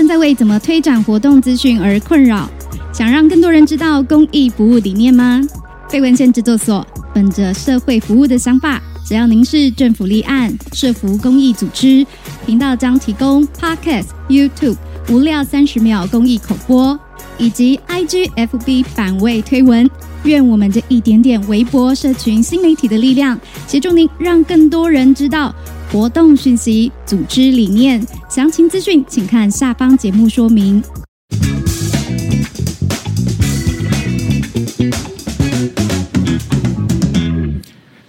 正在為怎麼推展活動資訊而困擾，想讓更多人知道公益服務理念嗎？廢文憲製作所本着社會服務的想法，只要您是政府立案、社服公益組織，頻道將提供 Podcast、YouTube 無料三十秒公益口播以及 IG FB 版位推文。願我們這一點點微博社群新媒體的力量，協助您讓更多人知道。活動訊息、組織理念、詳情資訊，請看下方節目說明。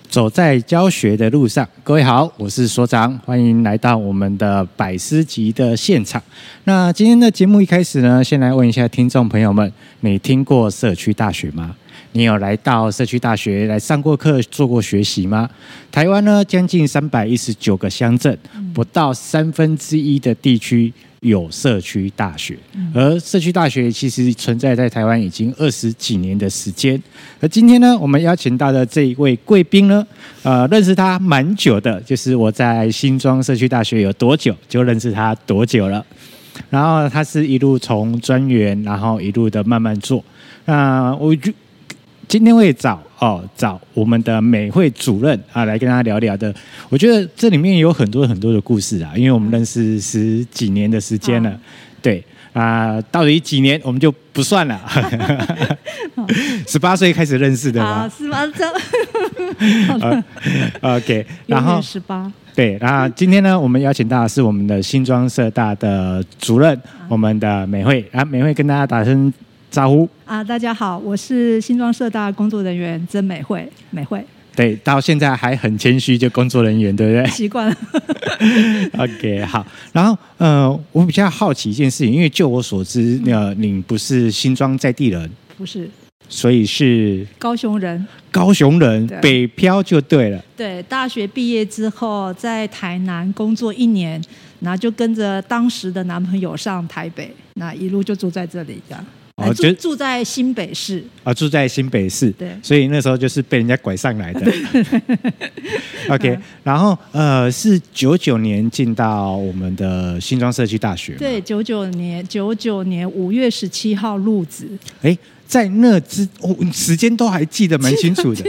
走在教學的路上，各位好，我是所長，歡迎來到我們的百師集的現場。那今天的節目一開始呢，先來問一下聽眾朋友們，你聽過社區大學嗎？你有來到社區大學來上過課、做過學習嗎？台灣呢，將近三百一十九個鄉鎮，不到三分之一的地區有社區大學。而社區大學其實存在在台灣已經二十幾年的時間。而今天呢，我們邀請到的這一位貴賓呢，呃，認識他蠻久的，就是我在新莊社區大學有多久，就認識他多久了。然後他是一路從專員，然後一路的慢慢做。那、呃、我就。今天會找哦，找我們的美慧主任啊，來跟大家聊聊的。我覺得這裡面有很多很多的故事啊，因為我們認識十幾年的時間了，哦、對啊、呃，到底幾年我們就不算了，十 八歲開始認識的嗎？十八歲 OK，然後十八對。那、啊、今天呢，我們邀請到的是我們的新莊社大的主任，哦、我們的美慧啊，美慧跟大家打聲。招呼啊！大家好，我是新莊社大工作人員曾美慧。美慧對，到現在還很謙虛，就工作人員，對不對？不習慣了。 OK，好。然後，呃，我比較好奇一件事情，因為就我所知，呃、嗯，你不是新莊在地人，不是，所以是高雄人。高雄人，北漂就對了。對，大學畢業之後在台南工作一年，然後就跟着當時的男朋友上台北，那一路就住在這裡的。我住、哦、住在新北市啊、哦，住在新北市，對，所以那時候就是被人家拐上來的。對對對 OK、嗯、然後呃，是九九年進到我們的新莊社區大學，對，九九年九九年五月十七號入職。哎，在那之、哦、時間都還記得蠻清楚的。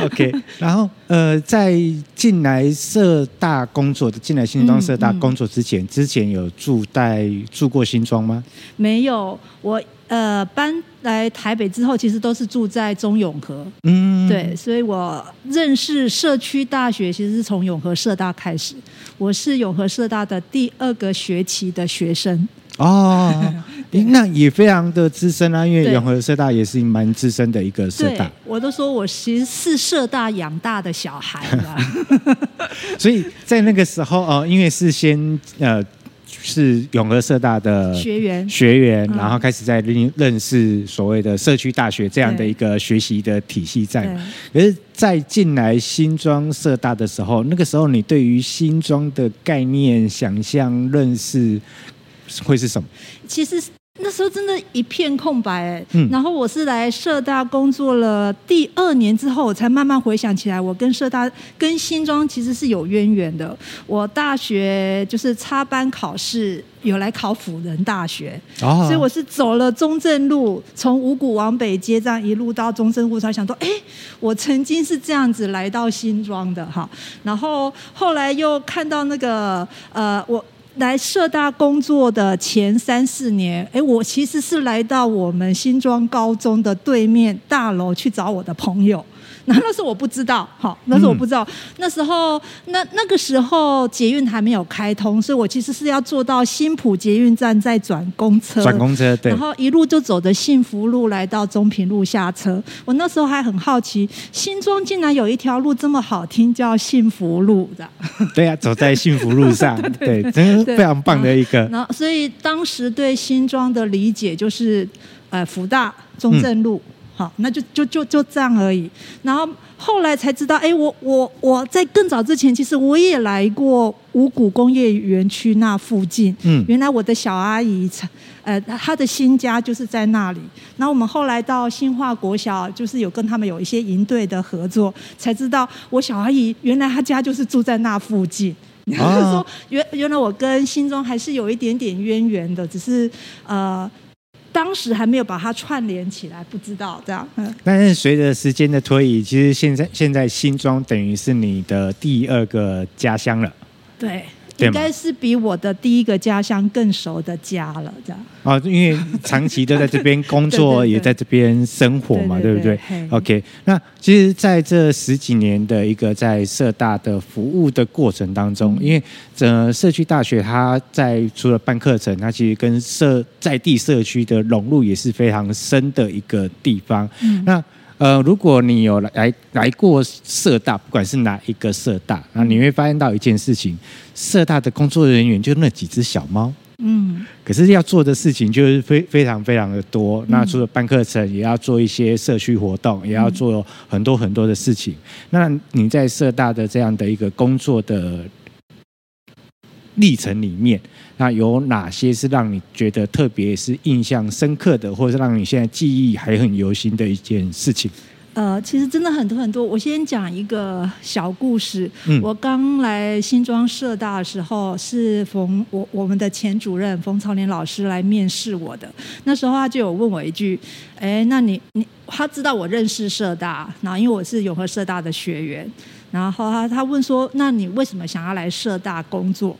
OK，然後呃，在進來社大工作的，進來新莊社大工作之前，嗯嗯、之前有住在住過新莊嗎？沒有，我。呃，搬來台北之後，其實都是住在中永和，嗯，對，所以我認識社區大學，其實是從永和社大開始。我是永和社大的第二個學期的學生哦，那也非常的資深啊，因為永和社大也是蠻資深的一個社大。我都說我其實是社大養大的小孩 所以在那個時候啊，因為是先呃。是永和社大的學員，學員，然後開始在認認識所謂的社區大學這樣的一個學習的體系在。可是，在進來新莊社大的時候，那個時候你對於新莊的概念、想象、認識會是什麼？其實。那時候真的一片空白哎、欸嗯，然後我是來社大工作了第二年之後，我才慢慢回想起來，我跟社大跟新莊其實是有淵源的。我大學就是插班考試有來考輔仁大學，啊，所以我是走了中正路，從五股往北街，這樣一路到中正路，才想到哎、欸，我曾經是這樣子來到新莊的哈。然後後來又看到那個呃我。來社大工作的前三四年，哎，我其實是來到我們新莊高中的對面大樓去找我的朋友。那是我不知道，好，那是我不知道。那時候我不知道，嗯，那時候那，那個時候捷運還沒有開通，所以我其實是要坐到新埔捷運站再轉公車。轉公車，對。然後一路就走的幸福路來到中平路下車。我那時候還很好奇，新莊竟然有一條路這麼好聽，叫幸福路。對啊，走在幸福路上， 對，對，對，對，對，真的是非常棒的一個然。然後，所以當時對新莊的理解就是，呃，福大中正路。嗯好，那就就就就這樣而已。然後後來才知道，哎、欸，我我我在更早之前，其實我也來過五股工業園區那附近。嗯，原來我的小阿姨，呃，她的新家就是在那裡。然後我們後來到新化國小，就是有跟他們有一些營隊的合作，才知道我小阿姨原來她家就是住在那附近。啊，然後說原原來我跟新莊還是有一點點淵源的，只是呃。當時還沒有把它串聯起來，不知道這樣。嗯，但是隨着時間的推移，其實現在、現在新莊等於是你的第二個家鄉了，對。應該是比我的第一個家鄉更熟的家了，這樣。啊，因為長期都在這邊工作， 對對對，也在這邊生活嘛，對對對，對不對？Hey. OK，那其實，在這十幾年的一個在社大的服務的過程當中，嗯。因為整個社區大學，它在除了辦課程，它其實跟社在地社區的融入也是非常深的一個地方。嗯。那呃，如果你有來來過社大，不管是哪一個社大，那你會發現到一件事情，社大的工作人員就那幾隻小貓，嗯，可是要做的事情就是非非常非常的多，那除了辦課程，也要做一些社區活動，嗯，也要做很多很多的事情。那你在社大的這樣的一個工作的歷程裡面。那有哪些是讓你覺得特別是印象深刻的，或者讓你現在記憶還很猶新的一件事情？呃，其實真的很多很多。我先講一個小故事。嗯。我剛來新莊社大的時候，是馮我我們的前主任馮朝林老師來面試我的。那時候他就有問我一句：“誒、欸，那你你他知道我認識社大，然後因為我是永和社大的學員，然後他他問說：那你為什麼想要來社大工作？”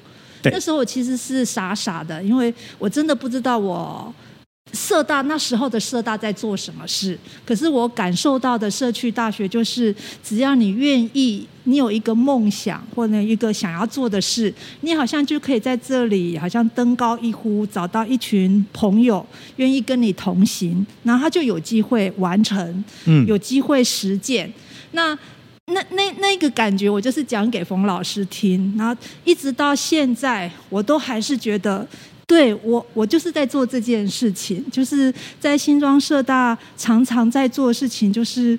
那時候我其實是傻傻的，因為我真的不知道我社大那時候的社大在做什麼事。可是我感受到的社區大學，就是只要你願意，你有一個夢想或者一個想要做的事，你好像就可以在這裡，好像登高一呼，找到一群朋友願意跟你同行，然後他就有機會完成，嗯，有機會實踐。那那那那個感覺，我就是講給馮老師聽，然後一直到現在，我都還是覺得，對我我就是在做這件事情，就是在新莊社大常常在做的事情，就是。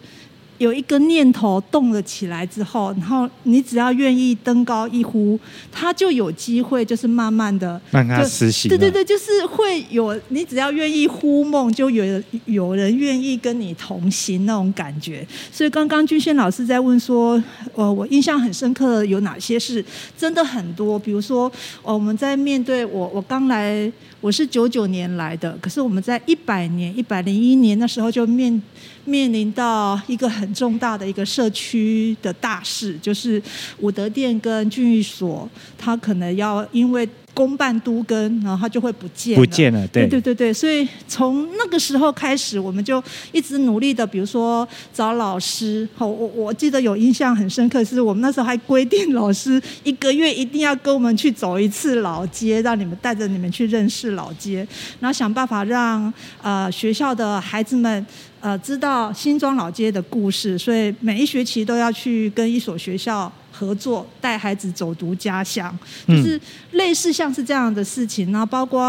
有一個念頭動了起來之後，然後你只要願意登高一呼，它就有機會，就是慢慢的慢慢實現。對對對，就是會有你只要願意呼夢，就有有人願意跟你同行那種感覺。所以剛剛俊軒老師在問說，呃、哦，我印象很深刻的有哪些事？真的很多，比如說，呃、哦，我們在面對我，我剛來，我是九九年來的，可是我們在一百年、一百零一年那時候就面面臨到一個很。重大的一個社區的大事，就是武德殿跟郡役所，他可能要因為公辦都更，然後他就會不見，不見了，對對對對，所以從那個時候開始，我們就一直努力的，比如說找老師，哦、我我我記得有印象很深刻，是我們那時候還規定老師一個月一定要跟我們去走一次老街，讓你們帶着你們去認識老街，然後想辦法讓呃學校的孩子們。呃，知道新莊老街的故事，所以每一學期都要去跟一所學校合作，帶孩子走讀家鄉，就是類似像是這樣的事情呢，包括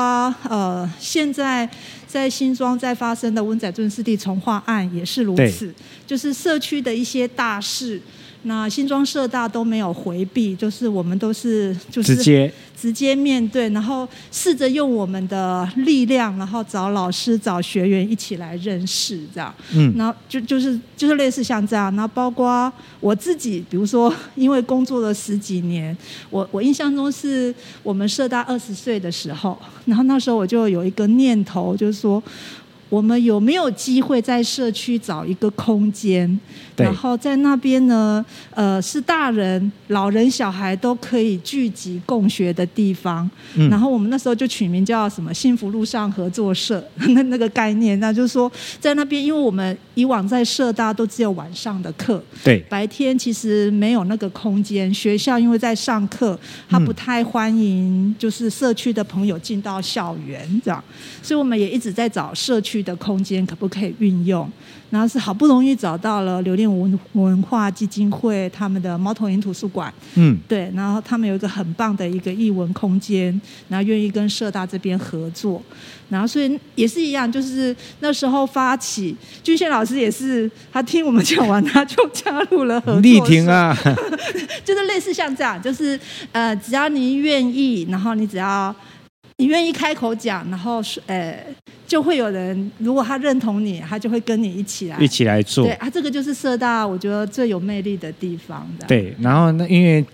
呃，現在在新莊在發生的溫仔圳濕地重劃案也是如此，就是社區的一些大事，那新莊社大都沒有回避，就是我們都是就是直接。直接面對，然後試着用我們的力量，然後找老師、找學員一起來認識，這樣。嗯。然後就就是就是類似像這樣，然後包括我自己，比如說因為工作了十幾年，我我印象中是我們社大二十歲的時候，然後那時候我就有一個念頭，就是說。我們有沒有機會在社區找一個空間？然後在那邊呢，呃，是大人、老人、小孩都可以聚集共學的地方。嗯、然後我們那時候就取名叫什麼“幸福路上合作社”那那個概念，那就是說在那邊，因為我們以往在社大都只有晚上的課，對，白天其實沒有那個空間。學校因為在上課，他不太歡迎就是社區的朋友進到校園、嗯、這樣，所以我們也一直在找社區。的空間可不可以運用？然後是好不容易找到了留念文文化基金會他們的貓頭鷹圖書館，嗯，對，然後他們有一個很棒的一個藝文空間，然後願意跟社大這邊合作，然後所以也是一樣，就是那時候發起，俊憲老師也是，他聽我們講完他就加入了合作，力挺啊， 就是類似像這樣，就是呃，只要你願意，然後你只要。你願意開口講，然後是，誒、欸，就會有人，如果他認同你，他就會跟你一起來，一起來做。對，他、啊、這個就是社大，我覺得最有魅力的地方的。對，然後呢，因為。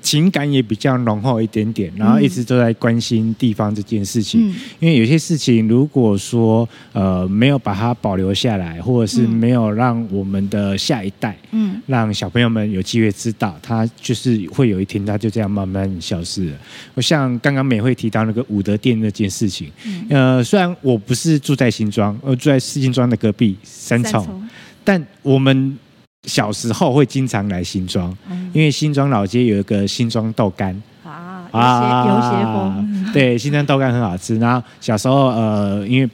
情感也比較濃厚一點點，然後一直都在關心地方這件事情。嗯，因為有些事情如果說呃沒有把它保留下來，或者是沒有讓我們的下一代，嗯，讓小朋友們有機會知道，它就是會有一天它就這樣慢慢消失了。像剛剛美慧提到那個武德殿那件事情，呃，雖然我不是住在新莊，我住在新莊的隔壁三重，但我們。小時候會經常來新莊，嗯，因為新莊老街有一個新莊豆乾啊，有些、啊、有些風、對，新莊豆乾很好吃。然後小時候呃，因為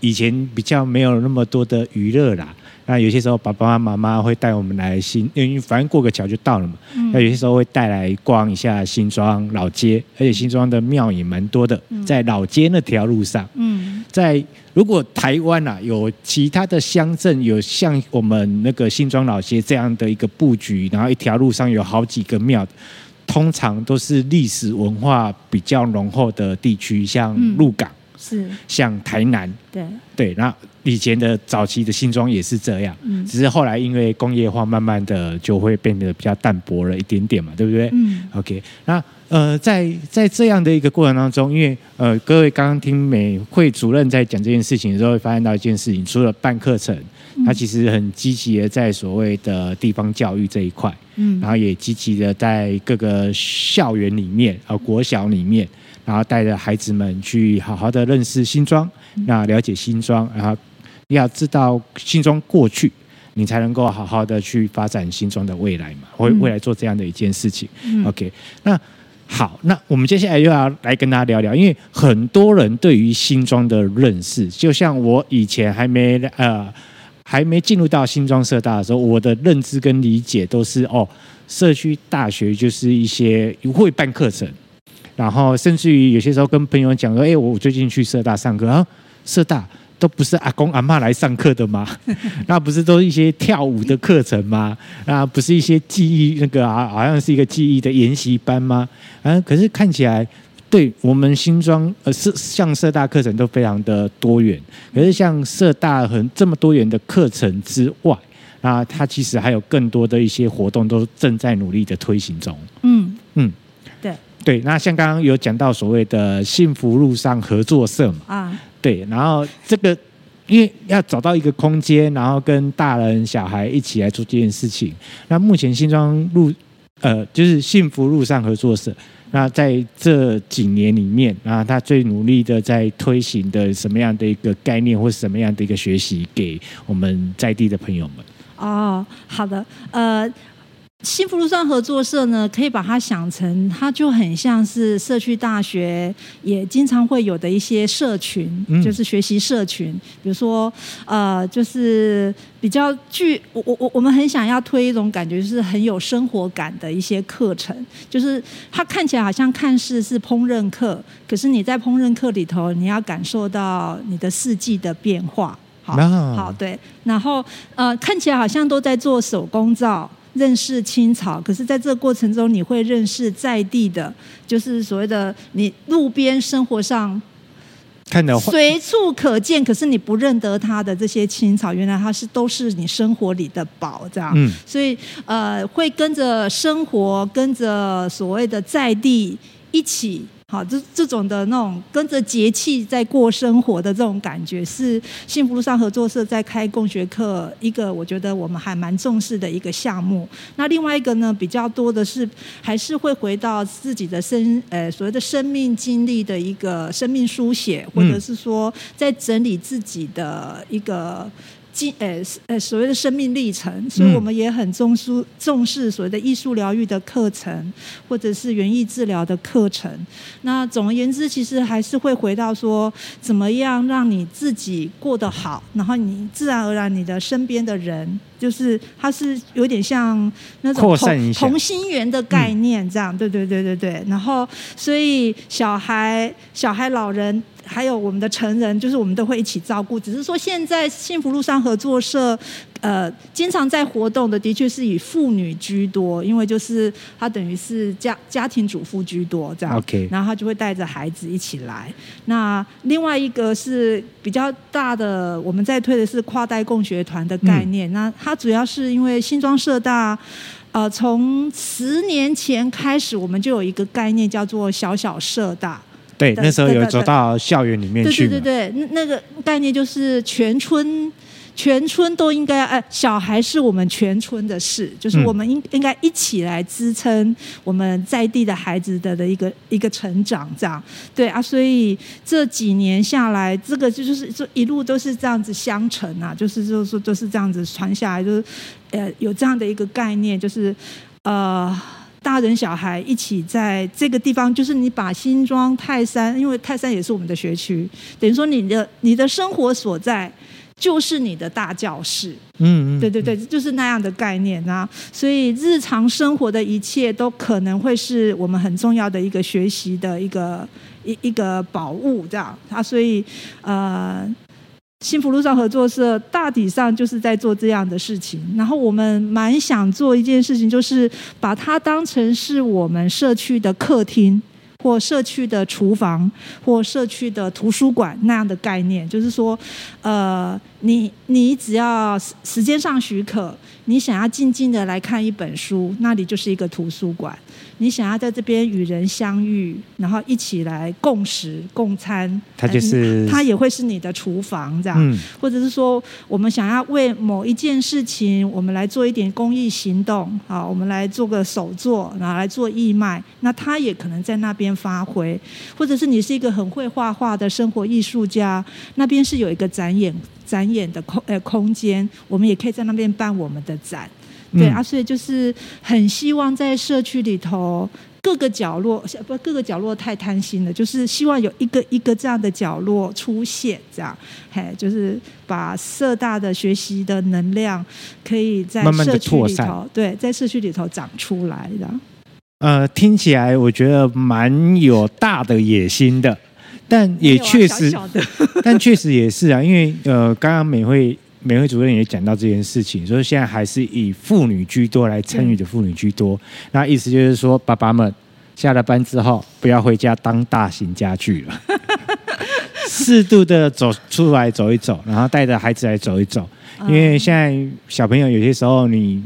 以前比較沒有那麼多的娛樂啦。那有些時候，爸爸媽媽會帶我們來新，因為反正過個橋就到了嘛。那有些時候會帶來逛一下新莊老街，而且新莊的廟也蠻多的，在老街那條路上。嗯，在如果台灣啊有其他的鄉鎮有像我們那個新莊老街這樣的一個布局，然後一條路上有好幾個廟，通常都是歷史文化比較濃厚的地區，像鹿港是，像台南，對對，以前的早期的新莊也是這樣，嗯，只是後來因為工業化，慢慢的就會變得比較淡薄了一點點嘛，對不對？嗯，OK，那呃，在在這樣的一個過程當中，因為呃，各位剛剛聽美慧主任在講這件事情的時候，會發現到一件事情，除了辦課程，嗯，他其實很積極的在所謂的地方教育這一塊，嗯，然後也積極的在各個校園裡面，呃，國小裡面，然後帶着孩子們去好好的認識新莊，嗯，那了解新莊，然後。要知道新莊過去，你才能夠好好的去發展新莊的未來嘛，會未來做這樣的一件事情。嗯、OK，那好，那我們接下來又要來跟大家聊聊，因為很多人對於新莊的認識，就像我以前還沒呃還沒進入到新莊社大的時候，我的認知跟理解都是哦，社區大學就是一些會辦課程，然後甚至於有些時候跟朋友講說，誒、欸，我最近去社大上課啊，社大。都不是阿公阿嬤來上課的嗎？ 那不是都是一些跳舞的課程嗎？那不是一些技藝那個啊，好像是一個技藝的研習班嗎？啊、呃，可是看起來，對我們新莊呃是像社大課程都非常的多元。可是像社大很這麼多元的課程之外，啊，它其實還有更多的一些活動都正在努力的推行中。嗯嗯。對，那像剛剛有講到所謂的幸福路上合作社嘛，啊，對，然後這個因為要找到一個空間，然後跟大人小孩一起來做這件事情。那目前新莊路，呃，就是幸福路上合作社。那在這幾年裡面，啊，他最努力的在推行的什麼樣的一個概念，或是什麼樣的一個學習，給我們在地的朋友們？哦，好的，呃。幸福路上合作社呢，可以把它想成，它就很像是社區大學，也經常會有的一些社群，嗯、就是學習社群。比如說，呃，就是比較具，我我我我們很想要推一種感覺，就是很有生活感的一些課程。就是它看起來好像看似是烹飪課，可是你在烹飪課裡頭，你要感受到你的四季的變化。好，啊、好對。然後，呃，看起來好像都在做手工皂。認識青草，可是在這個過程中，你會認識在地的，就是所謂的你路邊生活上，看到隨處可見，可是你不認得它的這些青草，原來它是都是你生活裡的寶，這樣，嗯，所以呃，會跟着生活，跟着所謂的在地一起。好，這這種的那種跟着節氣在過生活的這種感覺，是幸福路上合作社在開共學課一個我覺得我們還蠻重視的一個項目。那另外一個呢，比較多的是還是會回到自己的生，呃，所謂的生命經歷的一個生命書寫，或者是說在整理自己的一個。經，呃呃，所謂的生命歷程，所以我們也很重視重視所謂的藝術療癒的課程，或者是園藝治療的課程。那總而言之，其實還是會回到說，怎麼樣讓你自己過得好，然後你自然而然你的身邊的人，就是他是有點像那種同，擴散一下。同心圓的概念，這樣，嗯、對對對對對。然後所以小孩、小孩、老人。還有我們的成人，就是我們都會一起照顧。只是說現在幸福路上合作社，呃，經常在活動的，的確是以婦女居多，因為就是她等於是家家庭主婦居多這樣。OK，然後她就會帶着孩子一起來。那另外一個是比較大的，我們在推的是跨代共學團的概念。嗯、那它主要是因為新莊社大，呃，從十年前開始，我們就有一個概念叫做小小社大。對，對，那時候有走到校園裡面去。對對對對那，那個概念就是全村，全村都應該哎、呃，小孩是我們全村的事，就是我們應應該一起來支撐我們在地的孩子的的一個一個成長，這樣。對啊，所以這幾年下來，這個就是說一路都是這樣子相承啊，就是就是說都是這樣子傳下來，就是呃有這樣的一個概念，就是呃。大人小孩一起在這個地方，就是你把新莊、泰山，因為泰山也是我們的學區，等於說你的你的生活所在就是你的大教室。嗯嗯，嗯，對對對，就是那樣的概念啊。所以日常生活的一切都可能會是我們很重要的一個學習的一個一一個寶物，這樣啊。所以呃。幸福路上合作社大體上就是在做這樣的事情，然後我們蠻想做一件事情，就是把它當成是我們社區的客廳，或社區的廚房，或社區的圖書館那樣的概念，就是說，呃，你你只要時間上許可，你想要靜靜的來看一本書，那裡就是一個圖書館。你想要在這邊與人相遇，然後一起來共食共餐，它就是它、嗯、也會是你的廚房這樣、嗯。或者是說，我們想要為某一件事情，我們來做一點公益行動，好，我們來做個手作，拿來做義賣，那它也可能在那邊發揮。或者是你是一個很會畫畫的生活藝術家，那邊是有一個展演展演的空呃空間，我們也可以在那邊辦我們的展。對啊，所以就是很希望在社區裡頭各個角落，不各個角落太貪心了，就是希望有一個一個這樣的角落出現，這樣，哎，就是把社大的學習的能量可以在社區裡頭，慢慢的拓展，對，在社區裡頭長出來的。呃，聽起來我覺得蠻有大的野心的， 但也確實，啊、小小 但確實也是啊，因為呃，剛剛美慧。美慧主任也講到這件事情，所以現在還是以婦女居多來參與的婦女居多、嗯。那意思就是說，爸爸們下了班之後不要回家當大型家具了，適 度的走出來走一走，然後帶着孩子來走一走。因為現在小朋友有些時候，你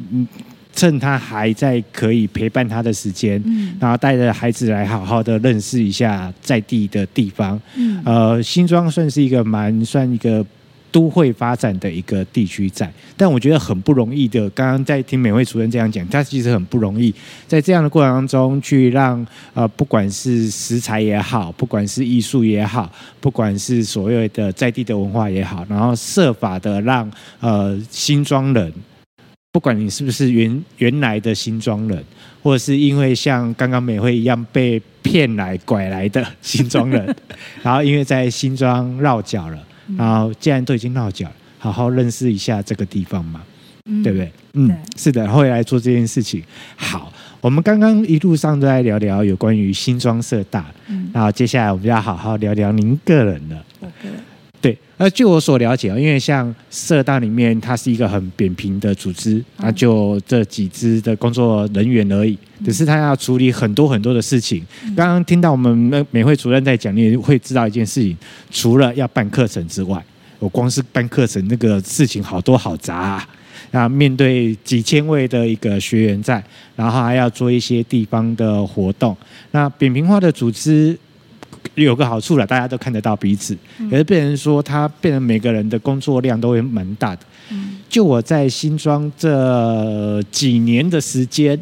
趁他還在可以陪伴他的時間、嗯，然後帶着孩子來好好的認識一下在地的地方。嗯、呃，新莊算是一個蠻算一個。都會發展的一個地區在，但我覺得很不容易的。剛剛在聽美慧主任這樣講，他其實很不容易，在這樣的過程當中去讓呃，不管是食材也好，不管是藝術也好，不管是所謂的在地的文化也好，然後設法的讓呃新莊人，不管你是不是原原來的新莊人，或者是因為像剛剛美惠一樣被騙來拐來的新莊人，然後因為在新莊落腳了。然後既然都已經落腳，好好認識一下這個地方嘛，嗯、對不對？嗯，是的，後來做這件事情。好，我們剛剛一路上都在聊聊有關於新莊社大、嗯，然後接下來我們要好好聊聊您個人的。Okay. 那據我所了解啊，因為像社大裡面，它是一個很扁平的組織，那、嗯、就這幾支的工作人員而已。只是他要處理很多很多的事情。嗯、剛剛聽到我們美慧主任在講，你也會知道一件事情：除了要辦課程之外，我光是辦課程那個事情，好多好雜啊！那面對幾千位的一個學員在，然後還要做一些地方的活動。那扁平化的組織。有個好處了，大家都看得到彼此，可是變成說他變成每個人的工作量都會蠻大的。就我在新莊這幾年的時間，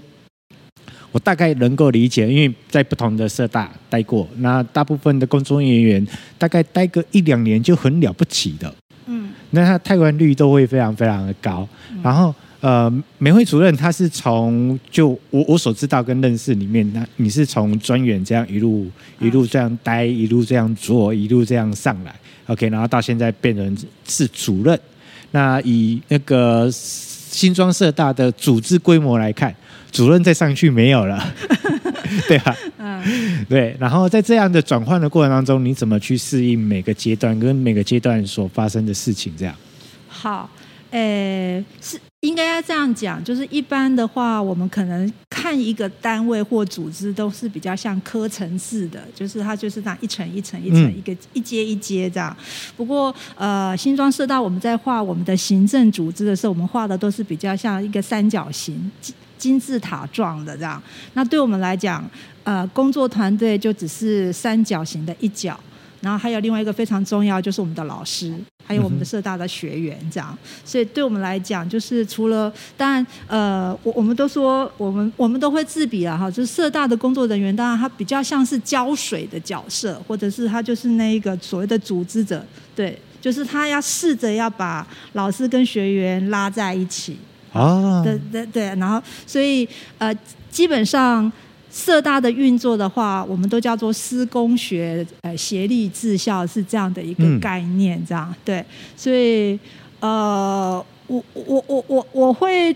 我大概能夠理解，因為在不同的社大待過，那大部分的工作人員大概待個一兩年就很了不起的。嗯，那他汰換率都會非常非常的高，然後。呃，美慧主任他是從就我我所知道跟認識裡面，那你是從專員這樣一路一路這樣待，一路這樣做，一路這樣上來，OK，然後到現在變成是主任。那以那個新莊社大的組織規模來看，主任再上去沒有了， 對吧？嗯、uh.，對。然後在這樣的轉換的過程當中，你怎麼去適應每個階段跟每個階段所發生的事情？這樣。好，呃，是。應該要這樣講，就是一般的話，我們可能看一個單位或組織都是比較像科層制的，就是它就是那一層一層一層、嗯，一個一階一階這樣。不過，呃，新莊社大我們在畫我們的行政組織的時候，我們畫的都是比較像一個三角形、金金字塔狀的這樣。那對我們來講，呃，工作團隊就只是三角形的一角。然後還有另外一個非常重要，就是我們的老師，還有我們的社大的學員，這樣。所以對我們來講，就是除了當然，呃，我我們都說我們我們都會自比啊，哈，就是社大的工作人員，當然他比較像是膠水的角色，或者是他就是那一個所謂的組織者，對，就是他要試着要把老師跟學員拉在一起。啊，對對對，然後所以呃，基本上。社大的運作的話，我們都叫做施工學，呃，協力治校。是這樣的一個概念，這樣、嗯、對，所以呃，我我我我我會，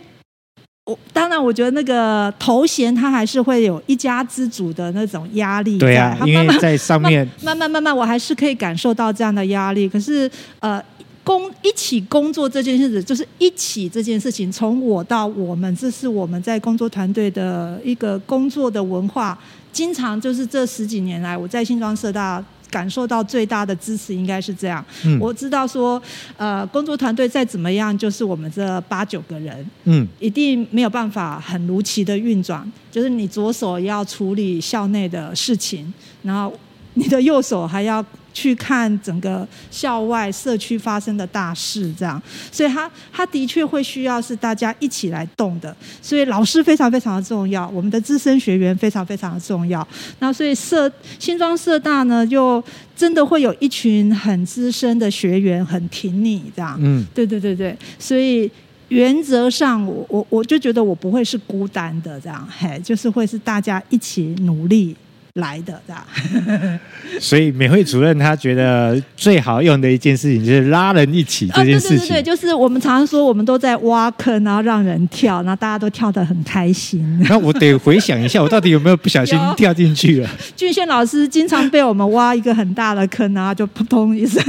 我當然我覺得那個頭銜它還是會有一家之主的那種壓力，對呀、啊，因為在上面慢慢慢慢，慢慢，我還是可以感受到這樣的壓力，可是呃。工一起工作這件事，就是一起這件事情，從我到我們，這是我們在工作團隊的一個工作的文化。經常就是這十幾年來，我在新莊社大感受到最大的支持，應該是這樣、嗯。我知道說，呃，工作團隊再怎麼樣，就是我們這八九個人，嗯，一定沒有辦法很如期的運轉。就是你左手要處理校內的事情，然後你的右手還要，去看整個校外社區發生的大事，這樣，所以他他的確會需要是大家一起來動的，所以老師非常非常的重要，我們的資深學員非常非常的重要，那所以社新莊社大呢，就真的會有一群很資深的學員很挺你這樣，嗯，對對對對，所以原則上我我我就覺得我不會是孤單的這樣，嘿，就是會是大家一起努力。來的這樣，是吧 所以美惠主任他覺得最好用的一件事情就是拉人一起這件事情，啊、對，對對對，就是我們常常說我們都在挖坑，然後讓人跳，然後大家都跳得很開心。那我得回想一下，我到底有沒有不小心跳進去了？ 有 俊憲老師經常被我們挖一個很大的坑，然後就撲通一聲。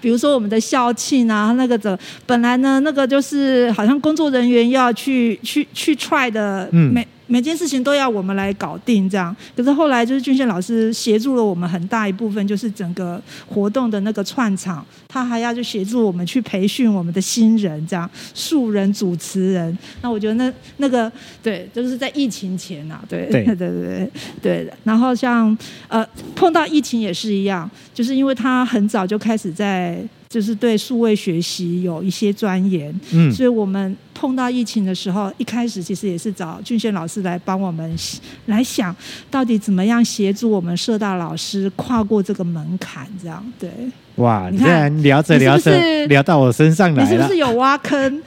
比如說我們的校慶啊，那個的本來呢，那個就是好像工作人員要去去去踹的，嗯。每件事情都要我們來搞定，這樣。可是後來就是俊賢老師協助了我們很大一部分，就是整個活動的那個串場，他還要去協助我們去培訓我們的新人，這樣素人主持人。那我覺得那那個對，就是在疫情前啊，對對，對對對對。然後像呃碰到疫情也是一樣，就是因為他很早就開始在，就是對數位學習有一些鑽研，嗯，所以我們碰到疫情的時候，一開始其實也是找俊憲老師來幫我們來想，到底怎麼樣協助我們社大老師跨過這個門檻，這樣，對。哇，你看你聊着聊着是是聊到我身上來了，你是不是有挖坑？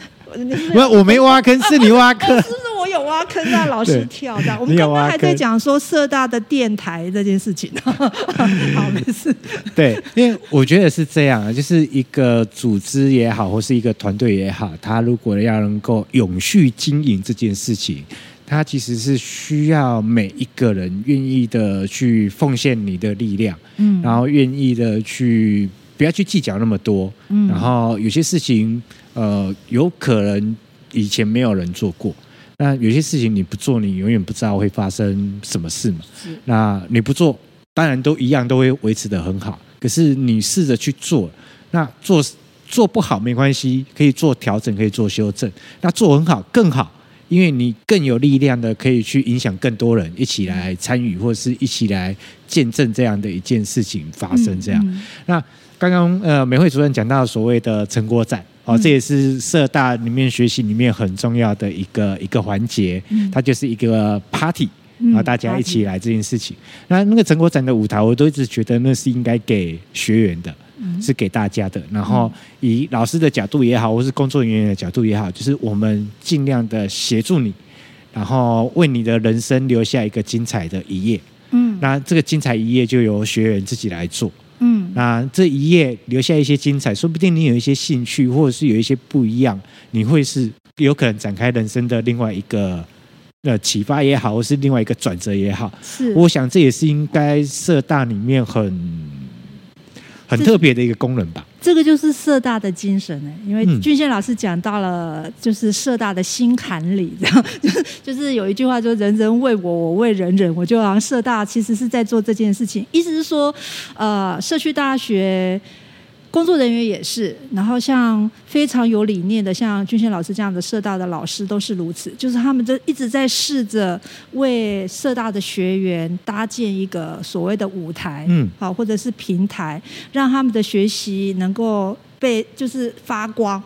我 我沒挖坑，是你挖坑。啊啊挖坑讓老師跳的。我們剛剛還在講說，社大的電台這件事情。 好，沒事。對，因為我覺得是這樣，就是一個組織也好，或是一個團隊也好，他如果要能夠永續經營這件事情，他其實是需要每一個人願意的去奉獻你的力量，嗯，然後願意的去不要去計較那麼多，嗯，然後有些事情，呃，有可能以前沒有人做過。那有些事情你不做，你永遠不知道會發生什麼事嘛。那你不做，當然都一樣，都會維持得很好。可是你試着去做，那做做不好沒關係，可以做調整，可以做修正。那做很好，更好，因為你更有力量的可以去影響更多人，一起來參與，嗯，或者是一起來見證這樣的一件事情發生。這樣，嗯嗯，那。剛剛呃，美慧主任講到所謂的成果展哦，這也是社大裡面學習裡面很重要的一個、嗯、一個環節，它就是一個 party，嗯、然後大家一起來這件事情。那、嗯、那個成果展的舞台，我都一直覺得那是應該給學員的、嗯，是給大家的。然後以老師的角度也好，或是工作人員的角度也好，就是我們盡量的協助你，然後為你的人生留下一個精彩的一頁。嗯，那這個精彩一頁就由學員自己來做。那這一頁留下一些精彩，說不定你有一些興趣，或者是有一些不一樣，你會是有可能展開人生的另外一個呃啟發也好，或是另外一個轉折也好。是，我想這也是應該社大裡面很。很特別的一個功能吧，這個就是社大的精神呢、欸。因為俊憲老師講到了，就是社大的心坎裡，這樣、就是、就是有一句話，就“人人為我，我為人人”，我就好像社大其實是在做這件事情。意思是說，呃，社區大學。工作人員也是，然後像非常有理念的，像俊賢老師這樣的社大的老師都是如此，就是他們就一直在試着為社大的學員搭建一個所謂的舞台，嗯，好，或者是平台，讓他們的學習能夠被就是發光。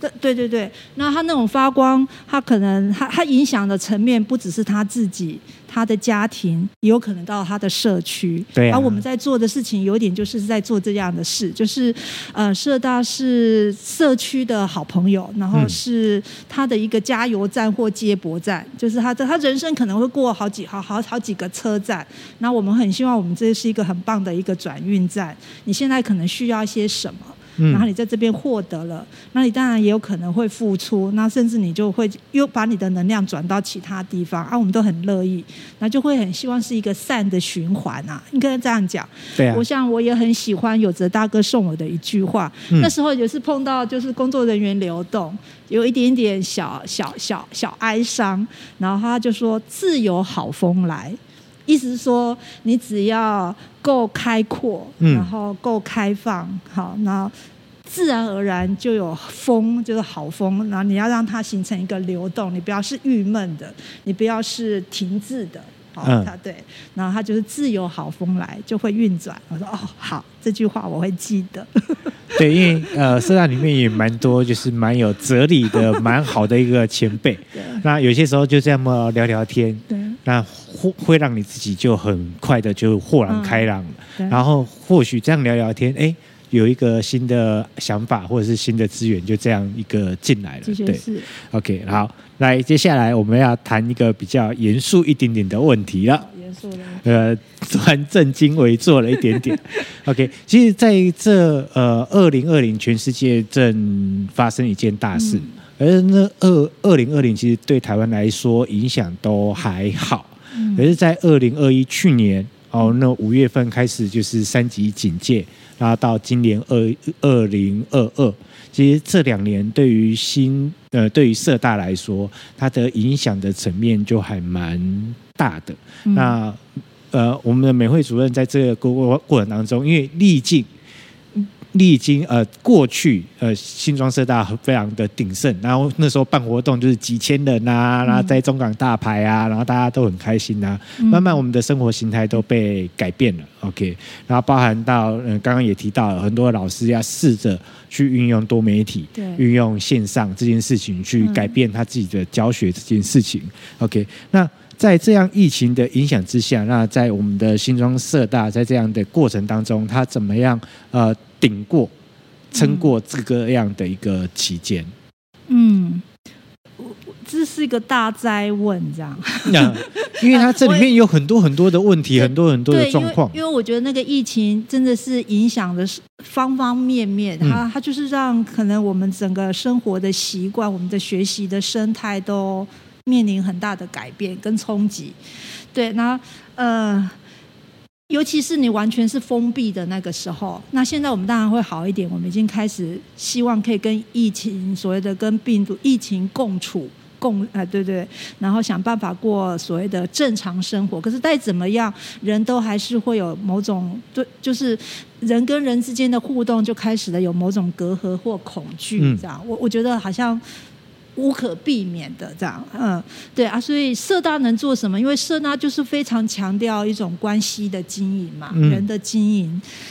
對對對對，那他那種發光，他可能他他影響的層面不只是他自己，他的家庭，也有可能到他的社區。對啊。而我們在做的事情，有點就是在做這樣的事，就是，呃，社大是社區的好朋友，然後是他的一個加油站或接駁站，嗯。就是他在他人生可能會過好幾好好好幾個車站。那我們很希望我們這是一個很棒的一個轉運站。你現在可能需要一些什麼？然後你在這邊獲得了，那你當然也有可能會付出，那甚至你就會又把你的能量轉到其他地方啊，我們都很樂意，那就會很希望是一個善的循環啊，應該這樣講。對啊，我想我也很喜歡有哲大哥送我的一句話，嗯，那時候也是碰到就是工作人員流動，有一點點小小小小哀傷，然後他就說，自由好風來。意思是說，你只要夠開闊，然後夠開放、嗯，好，然後自然而然就有風，就是好風。然後你要讓它形成一個流動，你不要是鬱悶的，你不要是停滯的，好、嗯，它對。然後它就是自有好風來，就會運轉。我說哦，好，這句話我會記得。 對，因為呃，社大裡面也蠻多，就是蠻有哲理的，蠻好的一個前輩。那有些時候就這樣麼聊聊天，那或會讓你自己就很快的就豁然開朗。然後或許這樣聊聊天，哎。有一個新的想法，或者是新的資源，就這樣一個進來了。對，OK，好，來，接下來我們要談一個比較嚴肅一點點的問題了。嚴肅呃，突然正經為做了一點點。 OK，其實在這呃二零二零，全世界正發生一件大事，而、嗯、那二二零二零其實對台灣來說影響都還好，嗯、可是，在二零二一去年哦，那五月份開始就是三級警戒。然後到今年二二零二二，其實這兩年對於新呃對於社大來說，它的影響的層面就還蠻大的。嗯、那呃，我們的美慧主任在這個過過程當中，因為歷經。歷經呃過去呃新莊社大非常的鼎盛，然後那時候辦活動就是幾千人啊，嗯、然後在中港大排啊，然後大家都很開心啊。慢慢我們的生活形態都被改變了、嗯、，OK。然後包含到嗯、呃、剛剛也提到很多老師要試着去運用多媒體，對、運用線上這件事情去改變他自己的教學這件事情、嗯、，OK。那在這樣疫情的影響之下，那在我們的新莊社大在這樣的過程當中，他怎麼樣呃？頂過、撐過這個樣的一個期間，嗯，這是一個大哉問。這樣啊，因為它這裡面有很多很多的問題， 很多很多的狀況。因為我覺得那個疫情真的是影響的是方方面面，它它就是讓可能我們整個生活的習慣、我們的學習的生態都面臨很大的改變跟衝擊。對，然後呃。尤其是你完全是封閉的那個時候，那現在我們當然會好一點，我們已經開始希望可以跟疫情所謂的跟病毒疫情共處共啊，對對，然後想辦法過所謂的正常生活。可是再怎麼樣，人都還是會有某種對，就是人跟人之間的互動就開始了有某種隔閡或恐懼這樣、嗯。我我覺得好像，無可避免的這樣，嗯，對啊，所以社大能做什麼？因為社大就是非常強調一種關係的經營嘛，嗯、人的經營。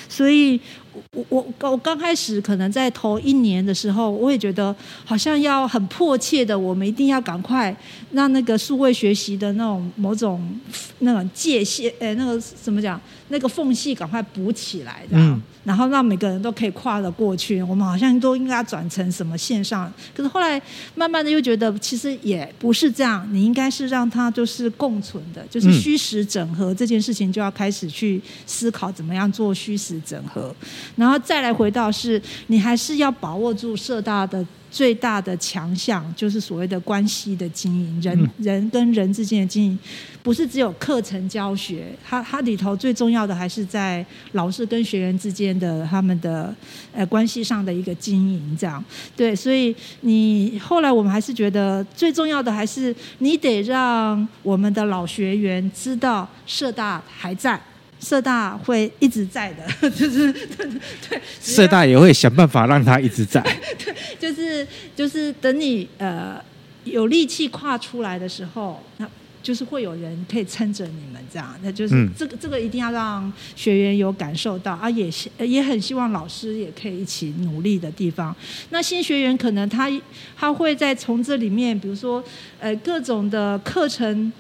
所以我，我我我剛開始可能在頭一年的時候，我也覺得好像要很迫切的，我們一定要趕快讓那個數位學習的那種某種那種界限，哎，那個怎麼講？那個縫隙趕快補起來的，然後讓每個人都可以跨得過去。我們好像都應該要轉成什麼線上，可是後來慢慢的又覺得其實也不是這樣，你應該是讓它就是共存的，就是虛實整合、嗯、這件事情就要開始去思考怎麼樣做虛實整合，然後再來回到是你還是要把握住社大的。最大的強項就是所謂的關係的經營，人人跟人之間的經營，不是只有課程教學，它它裡頭最重要的還是在老師跟學員之間的他們的呃關係上的一個經營，這樣對。所以你後來我們還是覺得最重要的還是你得讓我們的老學員知道社大還在。社大會一直在的，就是對對。社大也會想辦法讓他一直在。 就是就是等你呃有力氣跨出來的時候，那就是會有人可以撐着你們這樣。那就是這個、嗯、這個一定要讓學員有感受到啊也，也也很希望老師也可以一起努力的地方。那新學員可能他他會再從這裡面，比如說呃各種的課程，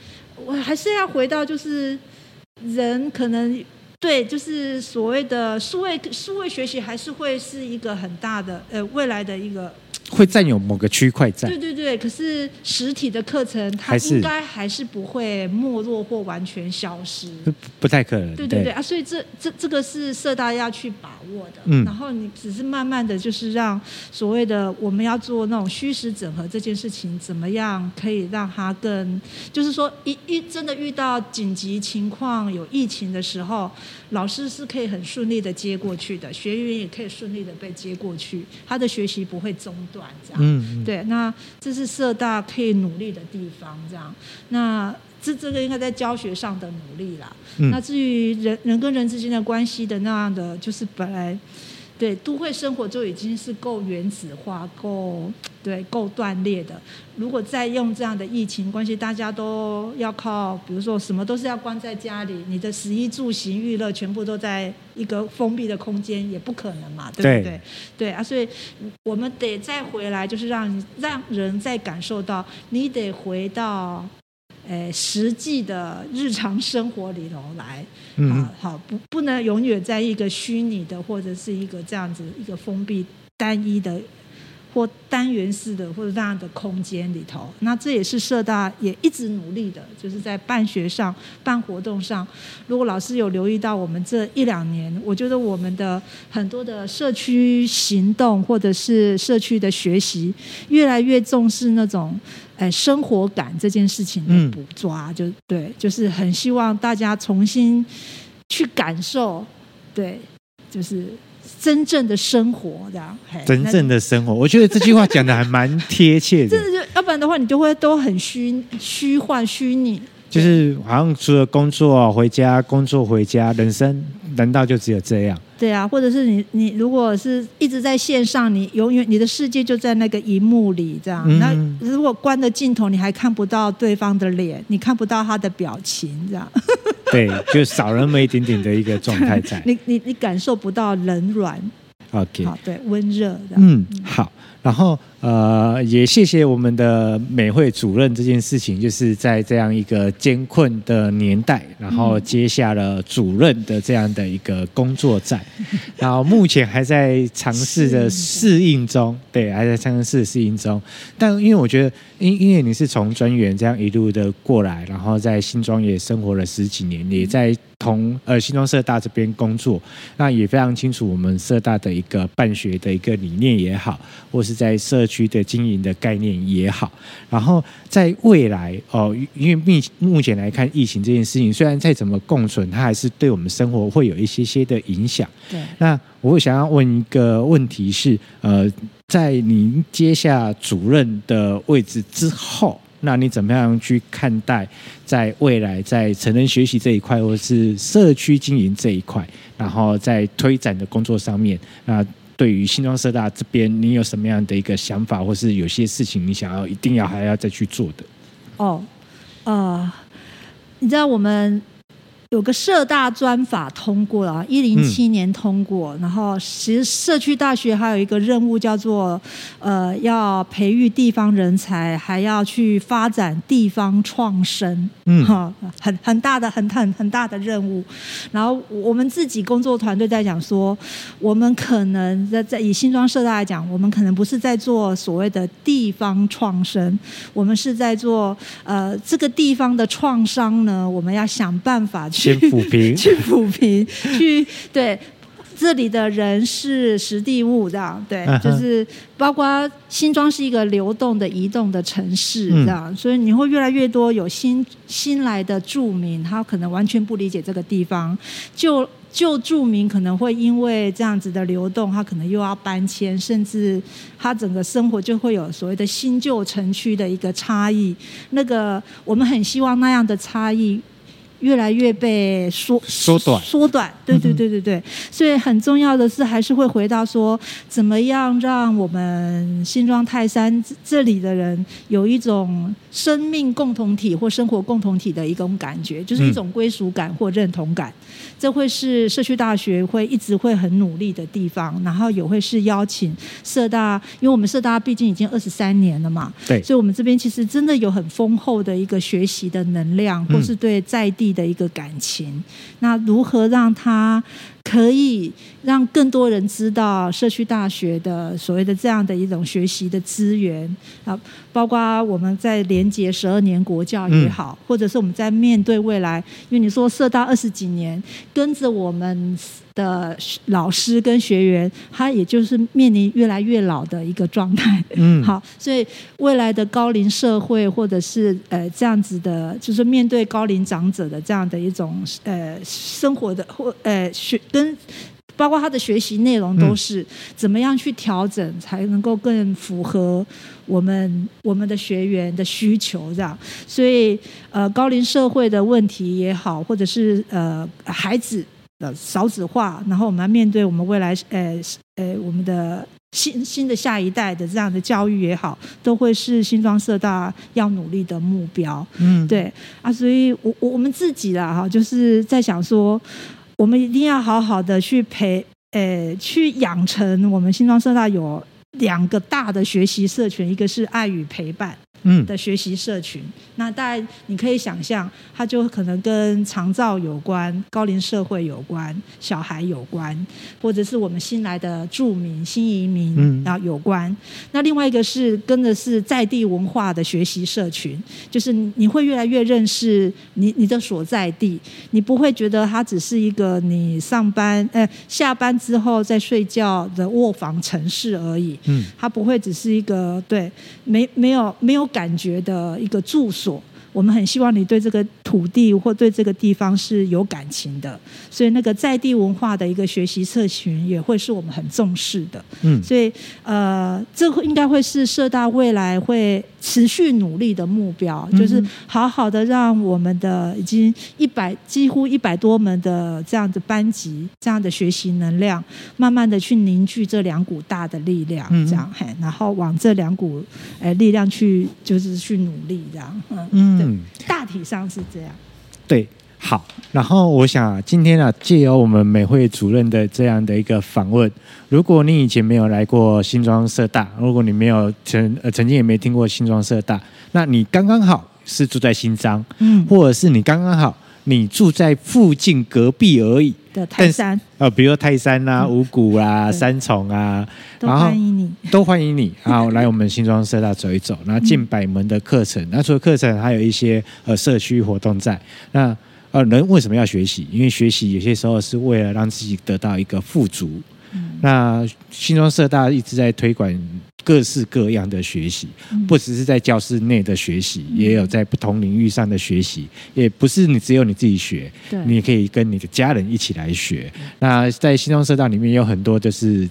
我還是要回到就是。人可能對，就是所謂的數位數位學習，還是會是一個很大的呃未來的一個。會佔有某個區塊，在對對對，可是實體的課程它應該還是不會沒落或完全消失，不，不太可能。對對對，對啊，所以這這這個是社大要去把握的。嗯，然後你只是慢慢的就是讓所謂的我們要做那種虛實整合這件事情，怎麼樣可以讓他更，就是說一一真的遇到緊急情況有疫情的時候，老師是可以很順利的接過去的，學員也可以順利的被接過去，他的學習不會中斷。嗯，嗯，對，那這是社大可以努力的地方，這樣。那這這個應該在教學上的努力啦。那至於人人跟人之間的關係的那樣的，就是本來。對，都會生活就已經是夠原子化、夠、對、夠斷裂的。如果再用這樣的疫情關係，大家都要靠，比如說什麼都是要關在家裡，你的食衣住行娛樂全部都在一個封閉的空間，也不可能嘛，對不對？對啊，所以我們得再回來，就是讓讓人再感受到，你得回到。誒、哎，實際的日常生活裡頭來啊、嗯，好，好，不，不能永遠在一個虛擬的或者是一個這樣子一個封閉單一的。或單元式的，或者這樣的空間裡頭，那這也是社大也一直努力的，就是在辦學上、辦活動上。如果老師有留意到，我們這一兩年，我覺得我們的很多的社區行動或者是社區的學習，越來越重視那種哎生活感這件事情的捕抓。嗯、就對，就是很希望大家重新去感受，對，就是。真正的生活，這樣。真正的生活，我覺得這句話講的還蠻貼切的。 真的就，要不然的話，你就會都很虛、虛幻、虛擬。就是好像除了工作回家，工作回家，人生。難道就只有這樣？對啊，或者是你你如果是一直在線上，你永遠你的世界就在那個熒幕裡，這樣、嗯。那如果關了鏡頭，你還看不到對方的臉，你看不到他的表情，這樣。對，就少那麼一點點的一個狀態在。 你你你感受不到冷暖。OK。好，對，溫熱的。嗯，好，然後。呃，也謝謝我們的美慧主任這件事情，就是在這樣一個艱困的年代，然後接下了主任的這樣的一個工作站，嗯、然後目前還在嘗試着適應中，對，還在嘗試適應中。但因為我覺得，因因為你是從專員這樣一路的過來，然後在新莊也生活了十幾年，也在。從呃，新莊社大這邊工作，那也非常清楚我們社大的一個辦學的一個理念也好，或是在社區的經營的概念也好。然後在未來哦、呃，因為目目前來看，疫情這件事情雖然再怎麼共存，它還是對我們生活會有一些些的影響。對，那我想要問一個問題是，呃，在您接下主任的位置之後。那你怎麼樣去看待，在未來在成人學習這一塊，或是社區經營這一塊，然後在推展的工作上面？那對於新莊社大這邊，你有什麼樣的一個想法，或是有些事情你想要一定要還要再去做的？哦，啊、呃，你知道我們。有個社大專法通過了，一零七年通過，嗯，然後其實社區大學還有一個任務叫做，呃，要培育地方人才，還要去發展地方創生，嗯，哈、哦，很很大的很很很大的任務。然後我們自己工作團隊在講說，我們可能在在以新莊社大來講，我們可能不是在做所謂的地方創生，我們是在做呃這個地方的創傷呢，我們要想辦法去。.先撫平， 平，去撫平，去，對，這裡的人是實地物這樣，對，就是包括新莊是一個流動的、移動的城市這樣，嗯，所以你會越來越多有新新來的住民，他可能完全不理解這個地方；舊舊住民可能會因為這樣子的流動，他可能又要搬遷，甚至他整個生活就會有所謂的新舊城區的一個差異。那個我們很希望那樣的差異，越來越被縮縮短縮短，對對對對對。所以很重要的是，還是會回到說，怎麼樣讓我們新莊泰山這裡的人有一種生命共同體或生活共同體的一種感覺，就是一種歸屬感或認同感。嗯。這會是社區大學會一直會很努力的地方，然後也會是邀請社大，因為我們社大畢竟已經二十三年了嘛，對，所以我們這邊其實真的有很豐厚的一個學習的能量，或是對在地的一個感情，那如何讓他可以讓更多人知道社區大學的所謂的這樣的一種學習的資源啊，包括我們在連接十二年國教也好，或者是我們在面對未來，因為你說社大二十幾年跟着我們。的老師跟學員，他也就是面臨越來越老的一個狀態。嗯，好，所以未來的高齡社會或者是呃這樣子的，就是面對高齡長者的這樣的一種呃生活的或呃學，跟包括他的學習內容都是怎麼樣去調整，才能夠更符合我們我們的學員的需求這樣。所以呃高齡社會的問題也好，或者是呃孩子。少子化，然後我們要面對我們未來，呃，呃，我們的新新的下一代的這樣的教育也好，都會是新莊社大要努力的目標。嗯，對啊，所以我我我們自己啦哈，就是在想說，我們一定要好好的去培，呃，去養成我們新莊社大有兩個大的學習社群，一個是愛與陪伴。嗯的學習社群，那大家你可以想象，它就可能跟長照有關、高齡社會有關、小孩有關，或者是我們新來的住民、新移民啊有關。嗯。那另外一個是跟的是在地文化的學習社群，就是你，你會越來越認識你你的所在地，你不會覺得它只是一個你上班誒、呃、下班之後在睡覺的臥房城市而已。嗯，它不會只是一個對沒沒有沒有。沒有感覺的一個住所。我們很希望你對這個土地或對這個地方是有感情的，所以那個在地文化的一個學習社群也會是我們很重視的。嗯。所以呃，這應該會是社大未來會持續努力的目標，就是好好的讓我們的已經一百幾乎一百多門的這樣的班級這樣的學習能量，慢慢的去凝聚這兩股大的力量，這樣嘿、嗯，然後往這兩股力量去就是去努力這樣，嗯。嗯嗯，大體上是這樣。對，好。然後我想啊，今天啊，借由我們美慧主任的這樣的一個訪問，如果你以前沒有來過新莊社大，如果你沒有曾呃曾經也沒聽過新莊社大，那你剛剛好是住在新莊，嗯，或者是你剛剛好你住在附近隔壁而已。的泰山，呃，比如說泰山啊、五股啊、三、嗯、重啊，都歡迎你，你都歡迎你啊，好 來我們新莊社大走一走。那近百門的課程，那除了課程，還有一些呃社區活動在。那呃，人為什麼要學習？因為學習有些時候是為了讓自己得到一個富足。嗯、那新莊社大一直在推廣。各式各樣的學習，不只是在教室內的學習、嗯，也有在不同領域上的學習、嗯。也不是你只有你自己學，你也可以跟你的家人一起來學。那在新莊社大裡面有很多，就是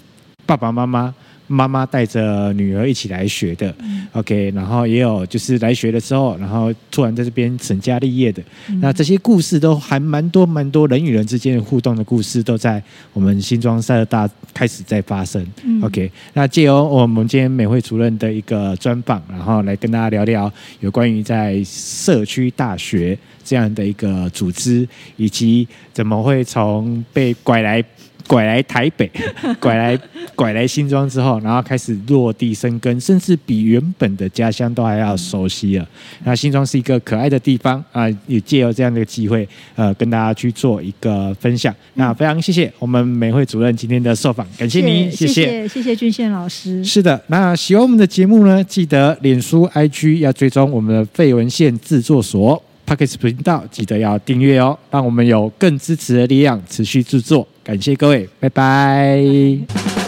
爸爸媽媽。媽媽帶着女兒一起來學的、嗯、，OK，然後也有就是來學的時候，然後突然在這邊成家立業的，嗯、那這些故事都還蠻多蠻多，人與人之間的互動的故事都在我們新莊社大開始在發生、嗯、，OK，那借由我們今天美慧主任的一個專訪，然後來跟大家聊聊有關於在社區大學這樣的一個組織，以及怎麼會從被拐來。拐來台北，拐來拐來新莊之後，然後開始落地生根，甚至比原本的家鄉都還要熟悉了。嗯、那新莊是一個可愛的地方啊、呃！也借由這樣的一個機會，呃，跟大家去做一個分享。嗯、那非常謝謝我們美慧主任今天的受訪，感謝您，謝謝謝謝，謝，謝，謝謝俊憲老師。是的，那喜歡我們的節目呢，記得臉書、IG 要追蹤我們的廢文憲製作所。頻道記得要訂閱哦，讓我們有更支持的力量持續製作。感謝各位，拜拜。